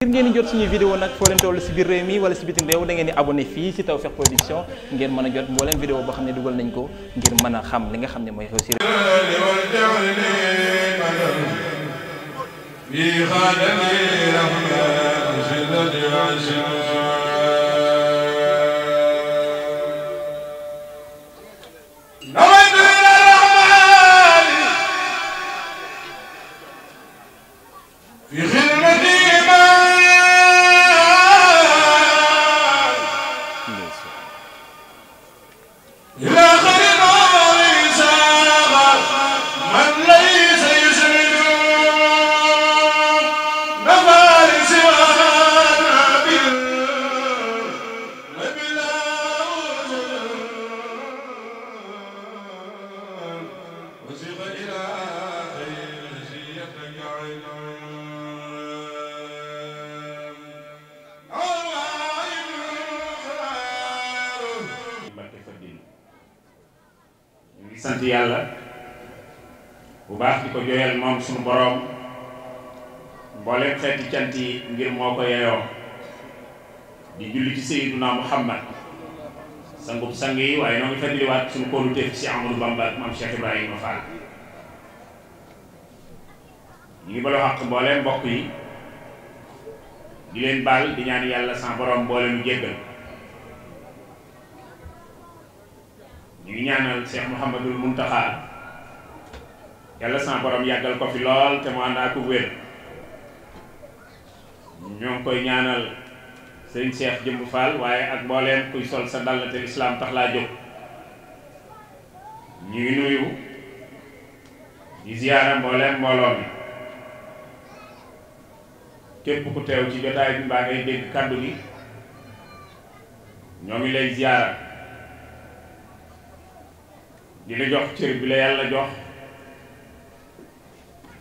ngir ngeen di jot suñuy vidéo nag foo leen toll si biir réew mi wala si bitim réew da ngeen di abonné fii si Tawfekh Production ngeen mën a jot mbooleem vidéo boo xam ne dugal nañ ko ngir mën a xam li nga xam ne mooy xew si réew liggéeyal moom suñu boroom mboolem xeeti cant yi ngir moo ko yeyoo di julli ci Muhammad sangub sang yi waaye noo ngi fàttaliwaat suñu kóolute si Amadou Bamba ak maam Cheikh Ibrahima Fall ñu ngi baloo xaq mbooleem mbokk yi di leen baal di ñaan yàlla sans borom mbooleemu jéggal ñu ngi ñaanal Cheikh Mouhamadul Muntaxa yàlla sama borom yàggal ko fi lool te mu ànd ak wér ñoo koy ñaanal sëñ Cheikh Jëmb Fall waaye ak mbooleem kuy sol sa dàll te lislaam tax laa jóg ñu ngi nuyu di ziyaara mbooleem mbooloo képp ku teew ci jotaay bi mbaa ngay dégg kàddu gi ñoo ngi lay ziyaara di la jox cër bi la yàlla jox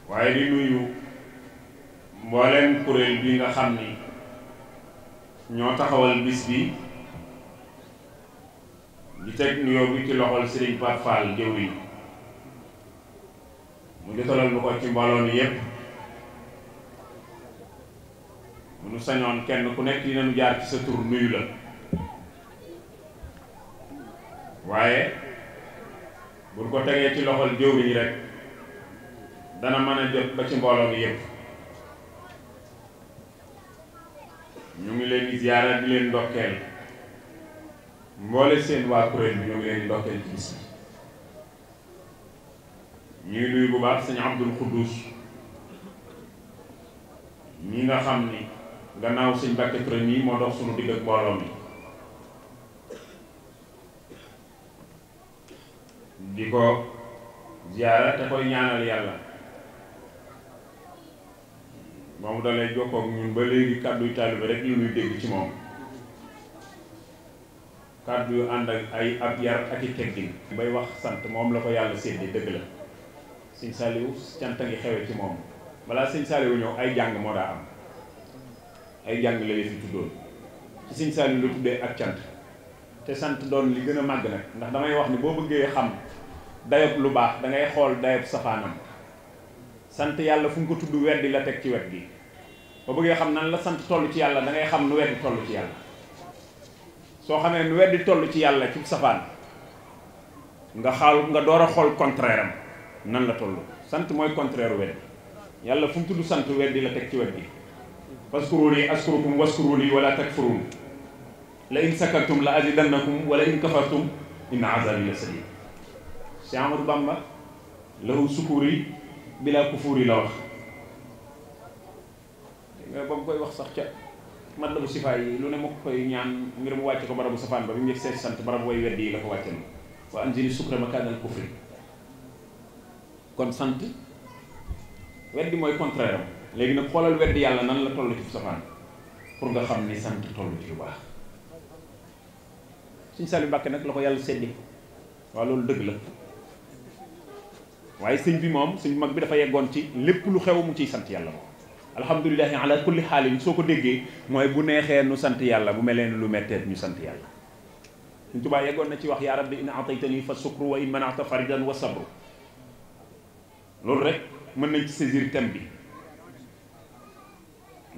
waaye di nuyu mbooleen kuréel bi nga xam ni ñoo taxawal bis bi di teg nuyoo bi ci loxol Sëriñ Pape Fall jëwriñ mu jotalal bu ko ci mbooloo mi yépp mu nu sañoon kenn ku nekk dinañu jaar ci sa tur nuyu la waaye bu ko tegee ci loxol jëwriñ rek dana mën a jot ba ci mbooloo mi yëpp ñu ngi leen di ziyaara di mboole seen waa kuréel bi ñu ngi leen di ndokkeel ci bis bi bu baax sëñ Abdul Xuddus ñi nga xam ni gannaaw sëñ Mbàkke Ture nii moo dox suñu mbooloo mi di ko ziyaara te koy ñaanal yàlla moom dalay jokkook ñun ba léegi kàdduy taalibe rek li ñuy dégg ci moom kàddu yu ànd ak ay ab yar ak i teggin bay wax sant moom la ko yàlla séddi dëgg la sëñ Saliou cant a ngi xewe ci moom balaa sëñ Saliou ñëw ay jàng moo daa am ay jàng la yëf yi tuddoon ci sëñ Saliou tuddee ak cant te sant doon li gën a màgg nag ndax damay wax ni boo bëggee xam dayab lu baax dangay xool dayab safaanam sant yàlla fu mu ko tudd weddi la teg ci wet bi boo bëggee xam nan la sant toll ci yàlla da ngay xam nu weddi toll ci yàlla soo xamee nu weddi toll ci yàlla ci safaan nga xaal nga door a xool contraire am nan la toll sant mooy contraire weddi yàlla fu mu tudd sant weddi la teg ci wet bi gi faskuruni askurukum waskuruni wala takfurun la in sakartum la azidannakum wala in kafartum inna azabi la sadid Cheikh Amadou Bamba lahu sukuri bilaa kufuur yi la wax nga ba mu koy wax sax ca mat la bu sifaa yi lu ne ma koy ñaan ngir mu wàcce ko barabu safaan ba bi mu njëkk seet sant barabu way weddi yi la ko wàcce na waa am sini sukra makaanal kufri kon sant weddi mooy contraire léegi nag xoolal weddi yàlla nan la toll ci safaan pour nga xam ni sant toll ci lu baax suñ Saliou Mbàkke nag la ko yàlla seddi waaw loolu dëgg la waaye sëñ bi moom sëñ mag bi dafa yeggoon ci lépp lu xew mu ciy sant yàlla moom alhamdulilahi ala kulli xaalin soo ko déggee mooy bu neexee nu sant yàlla bu melee lu metteet ñu sant yàlla suñ tubaa yeggoon na ci wax yaa rabbi in ataytani fa sukru wa in manata faridan wa sabru loolu rek mën nañ ci saisir thème bi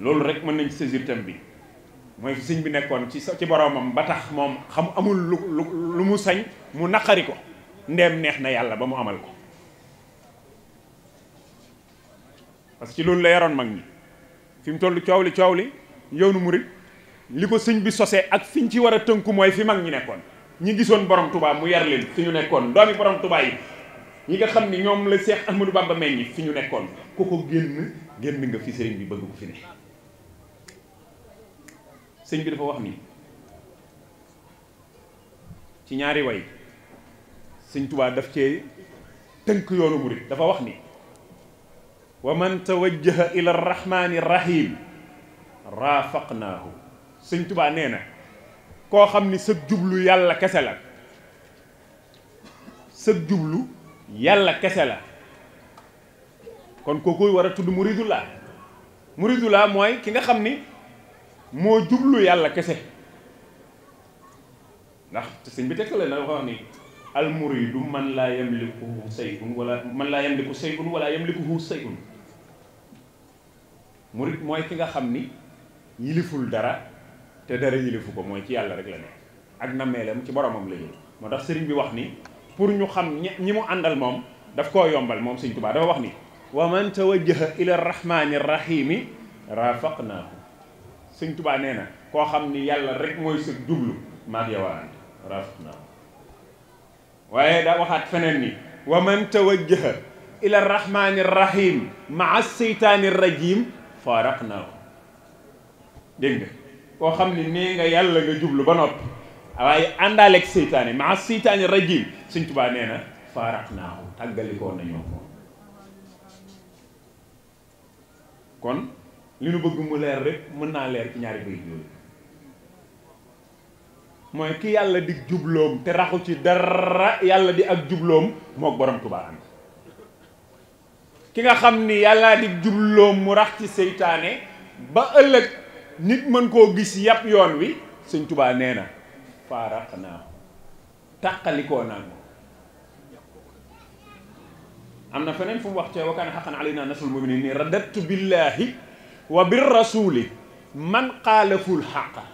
loolu rek mën nañ ci saisir bi mooy fi sëñ bi nekkoon ci ci boroomam ba tax moom xam amul lu lu mu sañ mu naqari ko ndeem neex na yàlla ba mu amal ko parce que loolu la yaroon mag ñi fi mu toll coow li coow li yoonu murit li ko sëñ bi sosee ak fiñ ci war a tënk mooy fi mag ñi nekkoon ñi gisoon borom tubaab mu yar leen fi ñu nekkoon doomi borom tubaa yi ñi nga xam ni ñoom la Seex Ahmadou Bamba meññi fi ñu nekkoon ku ko génn génn nga fi sëriñ bi bëgg ko fi ne sëñ bi dafa wax ni ci ñaari way sëñ tubaa daf cee tënk yoonu murit dafa wax ni wa man tawajjaha ila rahmani rahim raafaqnaahu sëñ tubaa nee na koo xam ni sëg jublu yàlla kese la sëg jublu yàlla kese la kon kooku war a tudd muridulaa muridulaa mooy ki nga xam ni moo jublu yàlla kese ndax te sëñ bi la na wax ni al man laa yamlikuhu sayun wala man laa yamliku sayun wala yamlikuhu sayun murit mooy ki nga xam ni yiliful dara te dara yilifu ko mooy ci yàlla rek la nekk ak nammeelam ci boromam la jël moo tax sëriñ bi wax ni pour ñu xam ñi mu àndal moom daf koo yombal moom sëñ Tuubaa dafa wax ni wa man tawajjaha ila rahmani rahimi rafaqnaahu sëñ Tuubaa nee koo xam ni yàlla rek jublu maag daa waxaat feneen ni wa man tawajjaha ila seytaani rajim faaraq naa ko dégg koo xam ne nee nga yàlla nga jublu ba noppi waaye àndaaleeg seytaane maa seytaane rajim suñ tubaa nee na faaraq naa ko tàggalikoo nañoo ko kon li nu bëgg mu leer rek mën naa leer ci ñaari bay yooyu mooy ki yàlla di jubloom te raxu ci dara yàlla di ak jubloom mook borom tubaa ànd ki nga xam ni yàllaa di jubloom mu rax ci seytaane ba ëllëg nit mën koo gis yàpp yoon wi sëñ tubaa nee na faaraq naa tàqalikoo naa ko am na feneen fu mu wax ci wa kaana xaqan alaynaa nasrul muminin nii radattu billaahi wa bir rasuli man xaalaful xaqa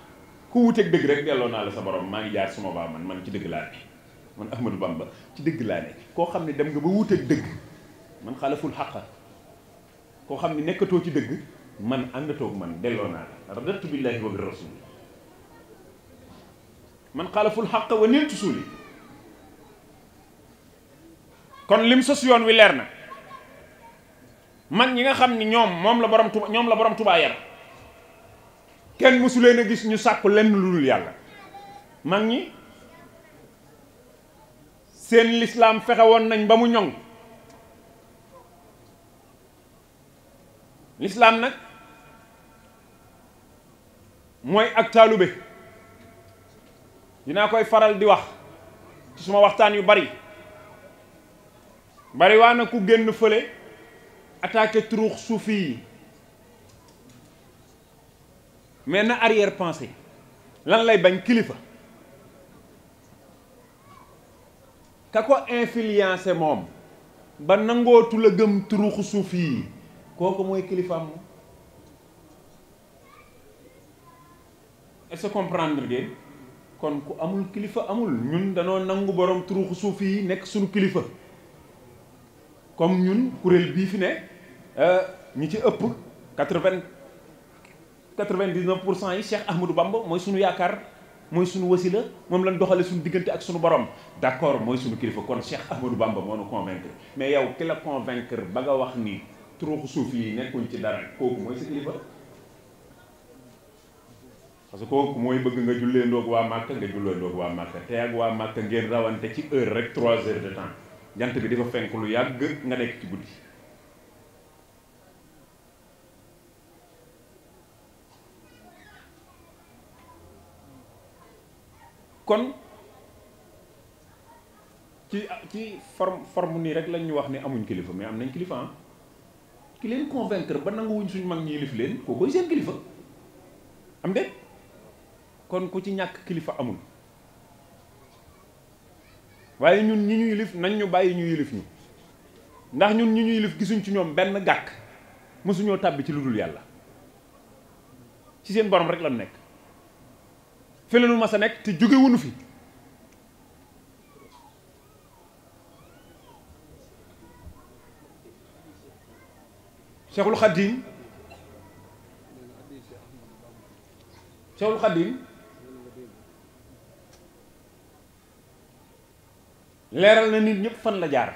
ku wuteeg dëgg rek delloo naa la sa borom maa ngi jaar suma baa man man ci dëgg laa ne man Ahmadou Bamba ci dëgg laa ne koo xam ne dem nga ba wuteeg dëgg man xalaful xaq koo xam ne nekkatoo ci dëgg man àndatoog man delloo naa la radatu billahi wa bi rasul man xalaful xaqa wa niltu suuli kon lim sos yoon wi leer na mag ñi nga xam ni ñoom moom la borom ñoom la borom tubaa yar kenn mësu gis ñu sàkku lenn lu dul yàlla mag ñi seen lislaam fexe woon nañ ba mu ñoŋ lislaam nag mooy ak taalube dinaa koy faral di wax ci suma waxtaan yu bari bari waa ku génn fële attaqué turuux suufi yi mais na arrière pensée lan lay bañ kilifa ka ko influencé moom ba nangootu la gëm turuuxu suufi yi kooku mooy kilifaam est-ce comprendre ngeen kon ku amul kilifa amul ñun danoo nangu borom turuxu suuf yi nekk suñu kilifa comme ñun kuréel bii fi ne euh, ñi ci ëpp quatre-vingt quatre-vingt-dix-neuf pour cent yi Cheikh Ahmadou Bamba mooy suñu yaakaar mooy suñu wasila moom lañ doxale suñu diggante ak suñu borom d'accord mooy suñu kilifa kon Cheikh Ahmadou Bamba moo nu convaincre mais yow ki la convaincre ba nga wax nii turuuxu suuf yi nekkuñ ci dara parce que mooy bëgg nga jullee waa Màkka nga jullee ndoog waa waa Màkka ngeen rawante ci heure rek trois heures de temps jant bi dafa fenk lu yàgg nga nekk ci guddi kon ci ci forme forme nii rek lañ ñu wax ni amuñ kilifa mais am nañ kilifa ah ki leen convaincre ba wuñ suñ mag ñi lif leen koo koy seen kilifa am de kon ku ci ñàkk kilifa amul waaye ñun ñi ñuy lif nañ ñu bàyyi ñu yilif ñu ndax ñun ñi ñuy lif gisuñ ci ñoom benn gàkk mësuñoo tàbbi ci lu dul yàlla ci seen borom rek lan nekk fi la nu mas nekk te jógewuñu fi Cheikhul Khadim Cheikhul Khadim leeral na nit ñëpp fan la jaar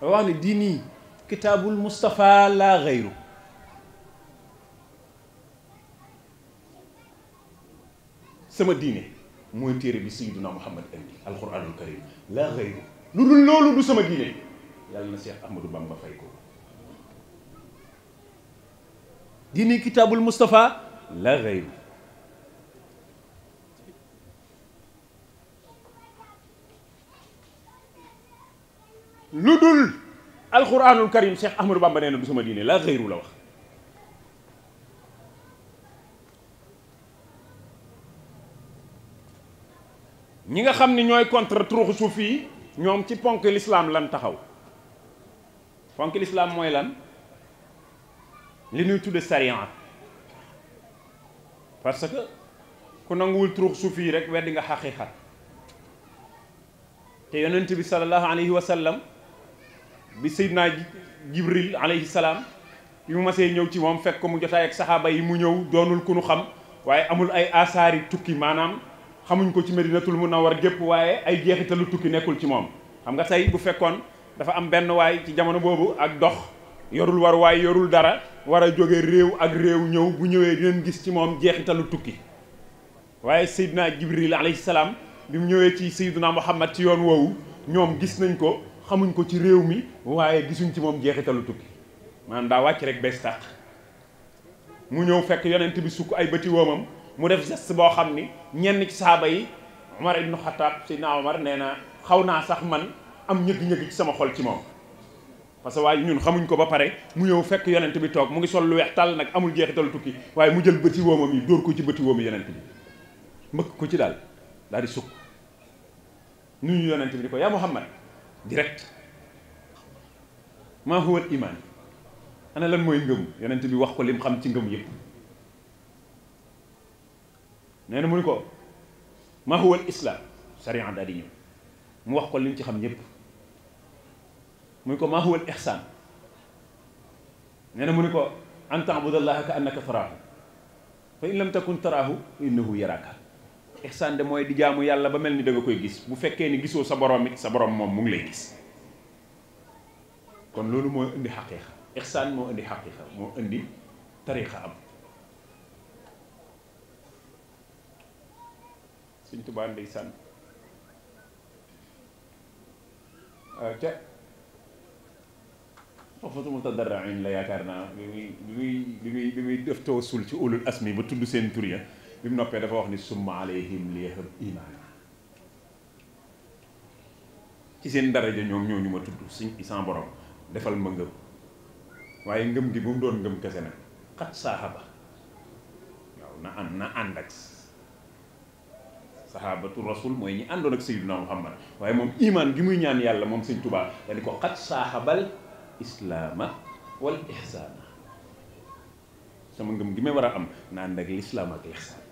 dafa wax ne diini kitaabul Mustafa laa xayru sama diine mooy téere bi Sayyiduna Muhammad indi alquranul karim laa xayru lu dul loolu du sama diine yàlla na Cheikh Ahmadou Bamba fay ko diini kitaabul Moustapha la gayru lu dul alquranul karim Cheikh Ahmadou Bamba nee na du sama diine la gayru la wax ñi nga xam ni ñooy contre turuxu suuf yi ñoom ci ponk lislaam lan taxaw ponk lislaam mooy lan li ñuy tudde sariya parce que ku nanguwul turux suufi rek weddi nga xaqiqa te yonent bi sallallahu alayhi wa sallam bi Seydina Jibril alayhi salaam bi mu masee ñëw ci moom fekk ko mu jotaay ak saxaaba yi mu ñëw doonul ku nu xam waaye amul ay asaari tukki maanaam xamuñ ko ci Medinatul war gépp waaye ay jeexitalu tukki nekkul ci moom xam nga tey bu fekkoon dafa am benn waay ci jamono boobu ak dox yorul war waaye yorul dara war a jóge réew ak réew ñëw bu ñëwee dinañ gis ci moom jeexitalu tukki waaye Seydina Jibril alayhi salaam bi mu ñëwee ci Seydina Muhammad ci yoon woowu ñoom gis nañ ko xamuñ ko ci réew mi waaye gisuñ ci moom jeexitalu tukki maanaam daa wàcc rek bees tàq mu ñëw fekk yonent bi sukk ay bëti woomam mu def geste boo xam ni ñenn ci saaba yi Omar ibnu Xataab Seydina Omar nee na xaw naa sax man am ñëgg-ñëgg ci sama xol ci moom parce que waaye ñun xamuñ ko ba pare mu ñëw fekk yonent bi toog mu ngi sol lu weex tàll nag amul jeexital tukki waaye mu jël bëti woomam yi dóor ko ci bëti woomu yonent bi mbëkk ko ci daal daal di sukk ñu yonent bi di ko yaa Muhammad direct maa huwa iman ana lan mooy ngëm yonent bi wax ko lim xam ci ngëm yëpp nee na mu ni ko maa huwa islam sariya daal di ñëw mu wax ko lim ci xam yëpp mu ne ko maa huwal ihsaan nee mu ne ko an taabudallaha ka annaka taraahu fa in lam takun taraahu innahu yaraaka ihsaan de mooy di jaamu yàlla ba mel ni da koy gis bu fekkee ni gisoo sa borom sa borom moom mu ngi lay gis kon loolu mooy indi xaqiiqa ihsaan moo indi xaqiiqa moo indi tariqa am suñ tubaa ndeysaan ca xafatu mutadarrain la yaakaar naa bi muy bi muy bi muy def muy def tawassul ci ulul asmi ba tudd seen tur bi mu noppee dafa wax ni summa li liyahab imaana ci seen daraja ñoom ñooñu ma tudd suñ sans borom defal ma ngëm waaye ngëm gi bu mu doon ngëm kese nag xat saahaba waaw na ànd na ànd ak sahabatu rasul mooy ñi àndoon ak sayyiduna muhammad waaye moom imaan gi muy ñaan yàlla moom sëñ tubaa da di ko xat saahabal islaama wal ixsaana sama ngëm gi war a am na ànd ak lislaam ak lixsaan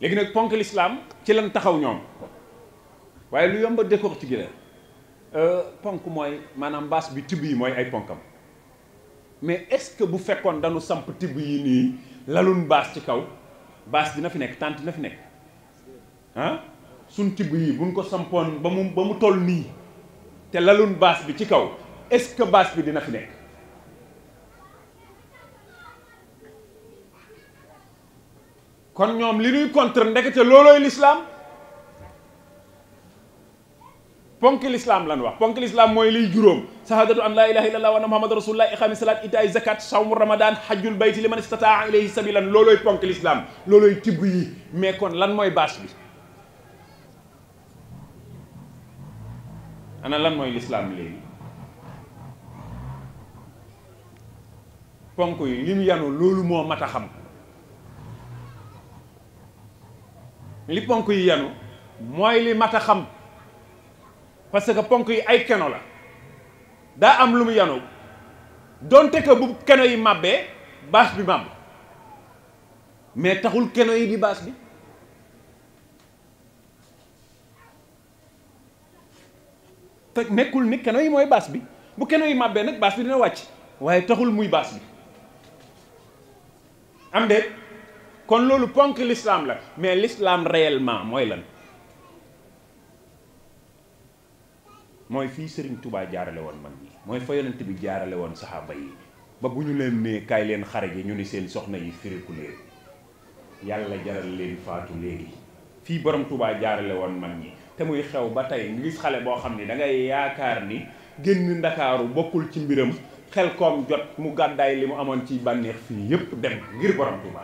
léegi nag ponk lislaam ci lan taxaw ñoom waaye lu yomba décor ci gi euh, ponk mooy maanaam baas bi tibb yi mooy ay ponkam mais est-ce que bu fekkoon dañu samp tibb yi nii lalun baas ci kaw baas dina fi nekk tànt dina fi nekk suñ tibb yi buñ ko sampoon ba mu ba mu toll nii te lalun baas bi ci kaw est-ce que baas bi dina fi nekk kon ñoom li ñuy contre ndekete loolooy lislaam ponk lislaam lan wax ponk lislaam mooy liy juróom sahadatu an laa ilaha illa allah wa anna muhammad rasulullah iqaami salaat itaay zakat sawmu ramadan hajjul bayti liman istataa ilayhi sabilan loolooy ponk lislaam loolooy tibb yi mais kon lan mooy baas bi ana lan mooy lislaam léegi ponk yi li mu yanu loolu moo mat a xam li ponk yi yanu mooy li mat a xam parce que ponk yi ay keno la daa am lu mu yanu donte que bu keno yi màbbee baas bi màbb mais taxul keno yi di baas bi te nekkul ni keno yi mooy baas bi bu keno yi màbbee nag baas bi dina wàcc waaye taxul muy baas bi am de kon loolu ponk l'islam la mais lislaam réellement mooy lan mooy fii Serigne Touba jaarale woon mag ñi mooy fa yonent bi jaarale woon saxaaba yi ba bu ñu leen nee kaay leen xare ji ñu ni seen soxna yi firiku leen yàlla jaral leen faatu léegi fii borom Touba jaarale woon mag ñi te muy xew ba tey nga gis xale boo xam ni dangay yaakaar ni génn ndakaaru bokkul ci mbiram xel koom jot mu gàddaay li mu amoon ci bànneex fii yépp dem ngir borom Tuuba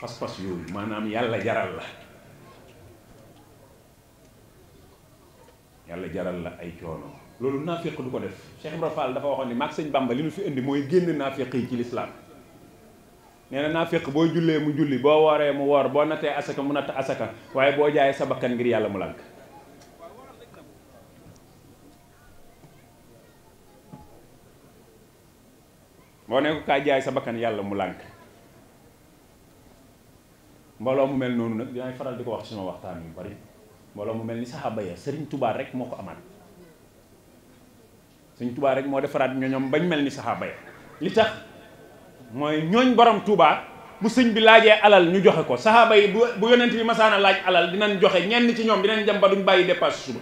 pas-pas yooyu maanaam yàlla jaral la yàlla jaral la ay coono loolu naafiq du ko def Cheikh Ibra dafa waxoon ni maag sëñ Bamba li mu fi indi mooy génn naafiq yi ci lislaam nee na naa fekk boo jullee mu julli boo wooree mu woor boo nattee asaka mu natt asaka waaye boo jaayee sa bakkan ngir yàlla mu lànk ne ko sa bakkan yàlla mu lànk mbooloo mu mel noonu nag dinaay faral di ko wax suma waxtaan yu bari mbooloo mu mel ni a ya sëriñ tubaa rek moo ko amaat sëriñ tubaa rek moo defaraat ñoñom bañ mel ni saxaaba ya li tax mooy ñooñ borom Touba bu sëñ bi laajee alal ñu joxe ko saxaaba yi bu bu yonent bi masaana laaj alal dinañ joxe ñenn ci ñoom dinañ dem ba duñ bàyyi dépasse suba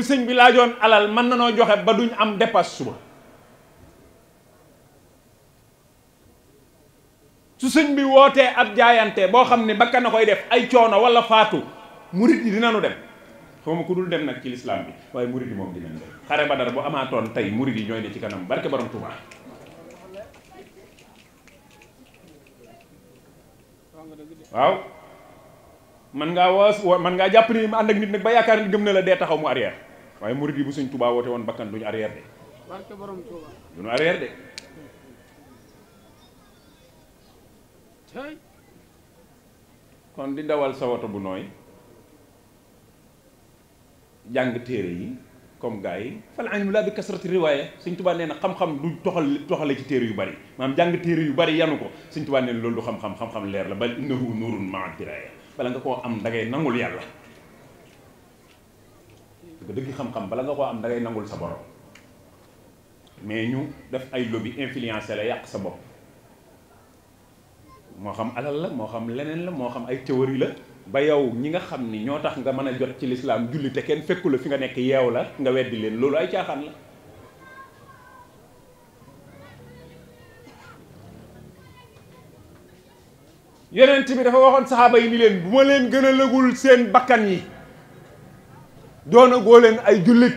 sëñ bi laajoon alal mën na noo ba duñ am dépasse su sëñ bi wootee ab jaayante boo xam ne bakka na koy def ay coono wala faatu murit yi dinañu dem xaw ma ku dul dem nag ci lislaam bi waaye murid yi moom dinañ dem xare badar bu amaatoon tey murid yi ñooy ne ci kanam barke borom Tuubaa waaw man ngaa waas man ngaa jàpp ni ànd ak nit nag ba yaakaar ni gëm na la dee taxaw mu arrière waaye murid yi bu suñ Tuubaa woote woon bakkan duñu arrière de barke borom Tuubaa de kon di dawal sa woto bu nooy jàng téere yi comme gars yi fal ilmu laa bi kasrati riwaaya Sëñ Tuubaa nee na xam-xam du toxal toxale ci téere yu bari maanaam jàng téere yu bari yanu ko Sëñ Tuubaa nee na loolu du xam-xam xam-xam leer la bal innahu nuurun maa diraaya bala nga koo am da ngay nangul yàlla dëgg dëgg xam-xam bala nga koo am da ngay nangul sa borom mais ñu def ay lobby influencé la yàq sa bopp moo xam alal la moo xam leneen la moo xam ay théorie la ba yow ñi nga xam ni ñoo tax nga mën a jot ci lislaam julli kenn fekku la fi nga nekk yeew la nga weddi leen loolu ay caaxaan la yenent bi dafa waxoon saxaaba yi ni leen bu ma leen gën a lëgul seen bakkan yi doona goo leen ay jullit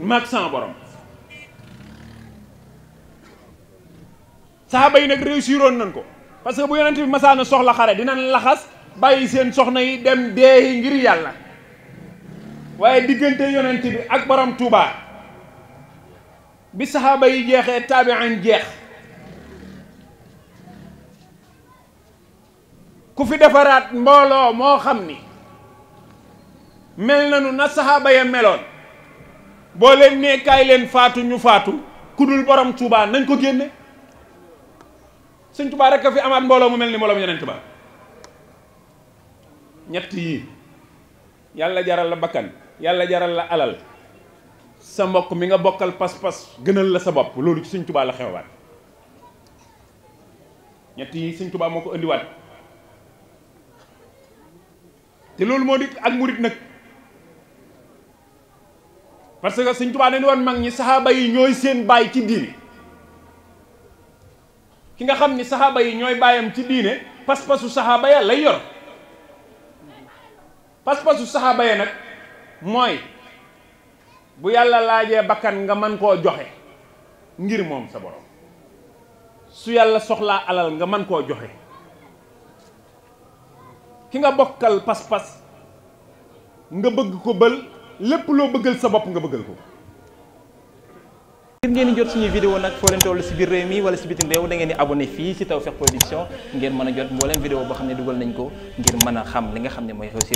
mag sans borom saxaaba yi nag réussiroon nañ ko parce que bu yenent bi masaana soxla xare dinañ laxas bàyyi seen soxna yi dem deeyi ngir yàlla waaye diggante yonent bi ak borom Touba bi saxaaba yi jeexee taabi'in jeex ku fi defaraat mbooloo moo xam ni mel nanu na saxaaba ya meloon boo leen nee kaay leen faatu ñu faatu ku dul borom Touba nañ ko génne sëñ Touba rek a fi amaat mbooloo mu mel ni mbooloom yonent ba ñett yi yàlla jaral la bakkan yàlla jaral la alal sa mbokk mi nga bokkal pas-pas gënal la sa bopp loolu ci Sëñ Tuubaa la xewaat ñett yi Sëñ Tuubaa moo ko indiwaat te loolu moo di ak murit nag parce que Sëñ Tuubaa dañu woon mag ñi saxaaba yi ñooy seen baay ci diine ki nga xam ni saxaaba yi ñooy baayam ci diine pas-pasu saxaaba ya lay yor pas-pasu saxaaba yi nag mooy bu yàlla laajee bakkan nga mën koo joxe ngir moom sa borom su yàlla soxlaa alal nga mën koo joxe ki nga bokkal pas-pas nga bëgg ko bël lépp loo bëggal sa bopp nga bëggal ko ngir ngeen di jot suñuy vidéo nag foo leen toll si biir réew mi wala si bitim réew da di abonné fii si Tawfekh Production ngeen mën a jot mbooleem vidéo boo xam ne dugal nañ ko ngir mën a xam li nga xam ne mooy xew si